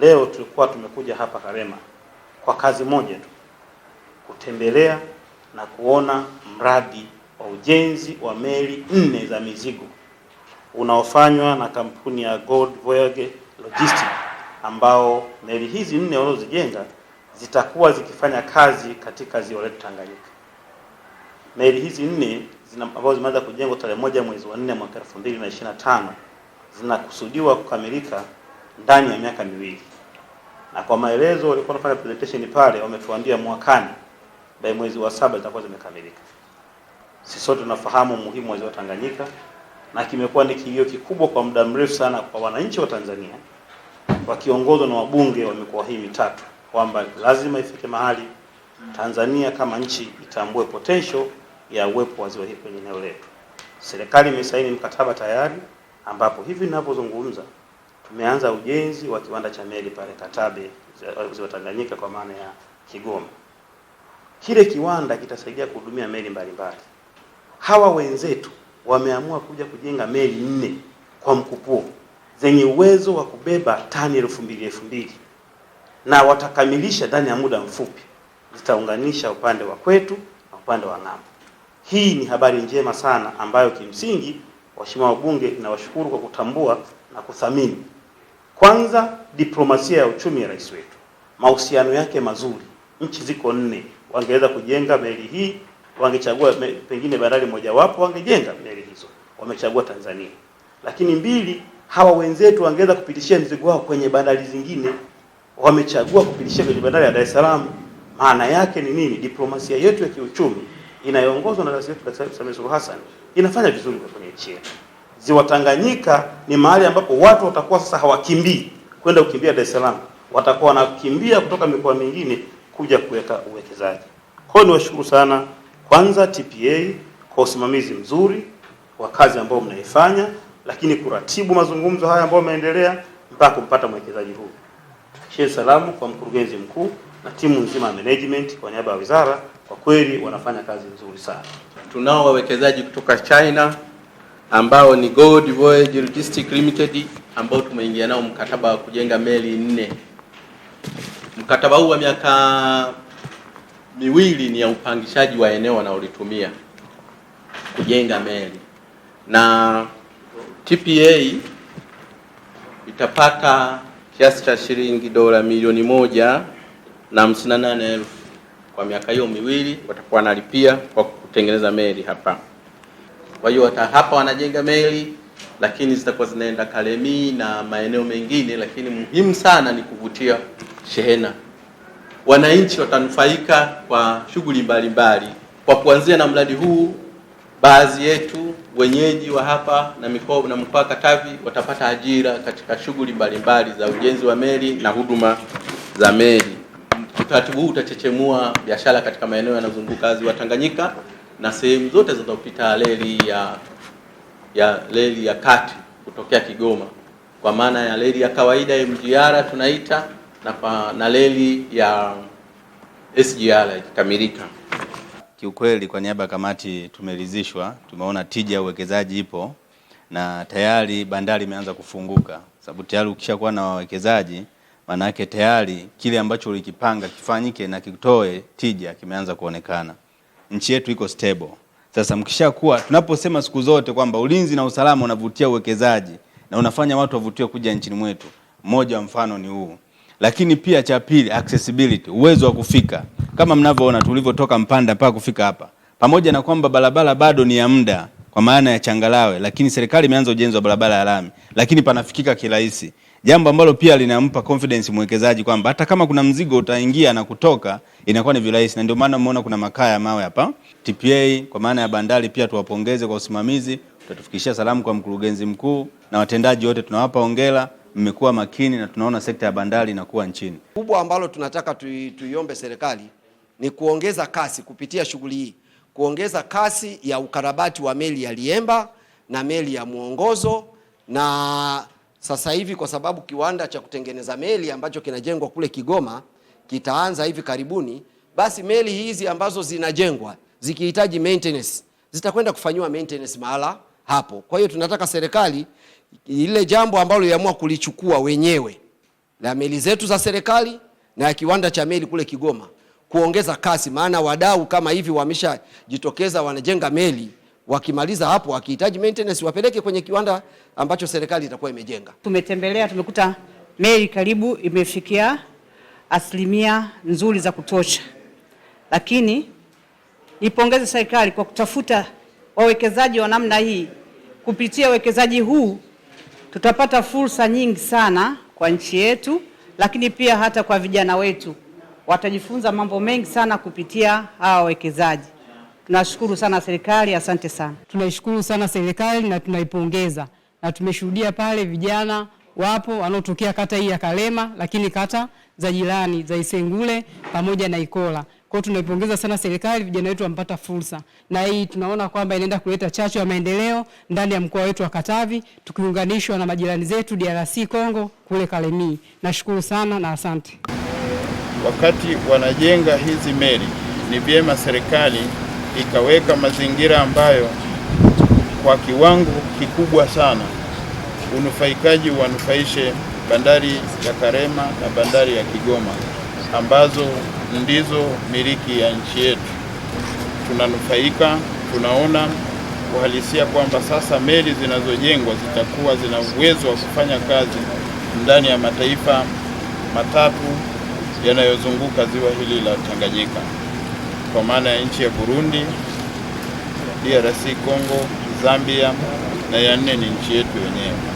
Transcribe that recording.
Leo tulikuwa tumekuja hapa Karema kwa kazi moja tu, kutembelea na kuona mradi wa ujenzi wa meli nne za mizigo unaofanywa na kampuni ya Gold Voyage Logistics, ambao meli hizi nne walizojenga zitakuwa zikifanya kazi katika ziwa letu Tanganyika. Meli hizi nne ambazo zimeanza kujengwa tarehe moja mwezi wa nne mwaka 2025 zinakusudiwa kukamilika ndani ya miaka miwili, na kwa maelezo walikuwa wanafanya presentation pale, wametuambia mwakani by mwezi wa saba zitakuwa zimekamilika. Sisi sote tunafahamu umuhimu wa ziwa Tanganyika na kimekuwa ni kilio kikubwa kwa muda mrefu sana kwa wananchi wa Tanzania wakiongozwa na wabunge wa mikoa hii mitatu kwamba lazima ifike mahali Tanzania kama nchi itambue potential ya uwepo wa ziwa hili kwenye eneo letu. Serikali imesaini mkataba tayari ambapo hivi ninavyozungumza tumeanza ujenzi wa kiwanda cha meli pale Katabe, eh, ziwa Tanganyika, kwa maana ya Kigoma. Kile kiwanda kitasaidia kuhudumia meli mbalimbali. Hawa wenzetu wameamua kuja kujenga meli nne kwa mkupuo zenye uwezo wa kubeba tani elfu mbili elfu mbili na watakamilisha ndani ya muda mfupi. Zitaunganisha upande wa kwetu na upande wa ng'ambo. Hii ni habari njema sana ambayo kimsingi Waheshimiwa wabunge, ninawashukuru kwa kutambua na kuthamini kwanza diplomasia ya uchumi ya rais wetu, mahusiano yake mazuri. Nchi ziko nne, wangeweza kujenga meli hii, wangechagua me, pengine bandari mojawapo, wangejenga meli hizo, wamechagua Tanzania. Lakini mbili, hawa wenzetu wangeweza kupitishia mzigo wao kwenye bandari zingine, wamechagua kupitishia kwenye bandari ya Dar es Salaam. Maana yake ni nini? Diplomasia yetu ya kiuchumi inayoongozwa na rais wetu Daktari Samia Suluhu Hassan inafanya vizuri kwenye nchi yetu. Ziwa Tanganyika ni mahali ambapo watu watakuwa sasa hawakimbii kwenda kukimbia Dar es Salaam, watakuwa wanakimbia kutoka mikoa mingine kuja kuweka uwekezaji. Kwa hiyo niwashukuru sana kwanza TPA kwa usimamizi mzuri wa kazi ambayo mnaifanya, lakini kuratibu mazungumzo haya ambayo yameendelea mpaka kumpata mwekezaji huyu. Shukrani salamu kwa mkurugenzi mkuu na timu nzima ya management kwa niaba ya wizara kwa kweli wanafanya kazi nzuri sana. Tunao wawekezaji kutoka China ambao ni Gold Voyage Logistics Limited ambao tumeingia nao mkataba wa kujenga meli nne. Mkataba huu wa miaka miwili ni ya upangishaji wa eneo wanaolitumia kujenga meli na TPA itapata kiasi cha shilingi dola milioni moja na hamsini na nane elfu kwa miaka hiyo miwili watakuwa wanalipia kwa kutengeneza meli hapa. Kwa hiyo hapa wanajenga meli, lakini zitakuwa zinaenda Kalemie na maeneo mengine, lakini muhimu sana ni kuvutia shehena. Wananchi watanufaika kwa shughuli mbalimbali kwa kuanzia na mradi huu. Baadhi yetu wenyeji wa hapa na mikoa na mkoa wa Katavi watapata ajira katika shughuli mbalimbali za ujenzi wa meli na huduma za meli. Utaratibu huu utachechemua biashara katika maeneo yanayozunguka ziwa Tanganyika na sehemu zote zinazopita reli ya ya reli ya kati kutokea Kigoma, kwa maana ya reli ya kawaida MGR tunaita na pa, na reli ya SGR ikikamilika. Kiukweli, kwa niaba ya kamati tumeridhishwa, tumeona tija ya uwekezaji ipo na tayari bandari imeanza kufunguka, sababu tayari ukishakuwa na wawekezaji maanake tayari kile ambacho ulikipanga kifanyike na kitoe tija kimeanza kuonekana. Nchi yetu iko stable. Sasa mkishakuwa, tunaposema siku zote kwamba ulinzi na usalama unavutia uwekezaji na unafanya watu wavutiwe kuja nchini mwetu, mmoja mfano ni huu, lakini pia cha pili, accessibility, uwezo wa kufika. Kama mnavyoona tulivyotoka Mpanda mpaka kufika hapa, pamoja na kwamba barabara bado ni ya muda kwa maana ya changalawe, lakini serikali imeanza ujenzi wa barabara ya lami, lakini panafikika kirahisi, jambo ambalo pia linampa confidence mwekezaji kwamba hata kama kuna mzigo utaingia na kutoka inakuwa ni virahisi, na ndio maana umeona kuna makaa ya mawe hapa. TPA kwa maana ya bandari pia tuwapongeze kwa usimamizi, tutatufikishia salamu kwa mkurugenzi mkuu na watendaji wote, tunawapa hongera mmekuwa makini na tunaona sekta ya bandari inakuwa nchini. Kubwa ambalo tunataka tuiombe serikali ni kuongeza kasi kupitia shughuli hii kuongeza kasi ya ukarabati wa meli ya Liemba na meli ya Mwongozo na sasa hivi kwa sababu kiwanda cha kutengeneza meli ambacho kinajengwa kule Kigoma kitaanza hivi karibuni, basi meli hizi ambazo zinajengwa zikihitaji maintenance zitakwenda kufanyiwa maintenance mahala hapo. Kwa hiyo tunataka serikali ile jambo ambalo iliamua kulichukua wenyewe la meli zetu za serikali na ya kiwanda cha meli kule Kigoma kuongeza kasi, maana wadau kama hivi wameshajitokeza, wanajenga meli wakimaliza hapo wakihitaji maintenance wapeleke kwenye kiwanda ambacho serikali itakuwa imejenga. Tumetembelea, tumekuta meli karibu imefikia asilimia nzuri za kutosha, lakini nipongeze serikali kwa kutafuta wawekezaji wa namna hii. Kupitia uwekezaji huu tutapata fursa nyingi sana kwa nchi yetu, lakini pia hata kwa vijana wetu watajifunza mambo mengi sana kupitia hawa wawekezaji. Tunashukuru sana serikali, asante sana. Tunaishukuru sana serikali na tunaipongeza, na tumeshuhudia pale vijana wapo wanaotokea kata hii ya Kalema, lakini kata za jirani za Isengule pamoja na Ikola. Kwa hiyo tunaipongeza sana serikali, vijana wetu wamepata fursa, na hii tunaona kwamba inaenda kuleta chachu ya maendeleo ndani ya mkoa wetu wa Katavi, tukiunganishwa na majirani zetu DRC Congo kule Kalemie. Nashukuru sana na asante wakati wanajenga hizi meli, ni vyema serikali ikaweka mazingira ambayo kwa kiwango kikubwa sana unufaikaji wanufaishe bandari ya Karema na bandari ya Kigoma ambazo ndizo miliki ya nchi yetu. Tunanufaika, tunaona uhalisia kwamba sasa meli zinazojengwa zitakuwa zina uwezo wa kufanya kazi ndani ya mataifa matatu yanayozunguka ziwa hili la Tanganyika kwa maana ya nchi ya Burundi, DRC Congo, Zambia na ya nne ni nchi yetu wenyewe.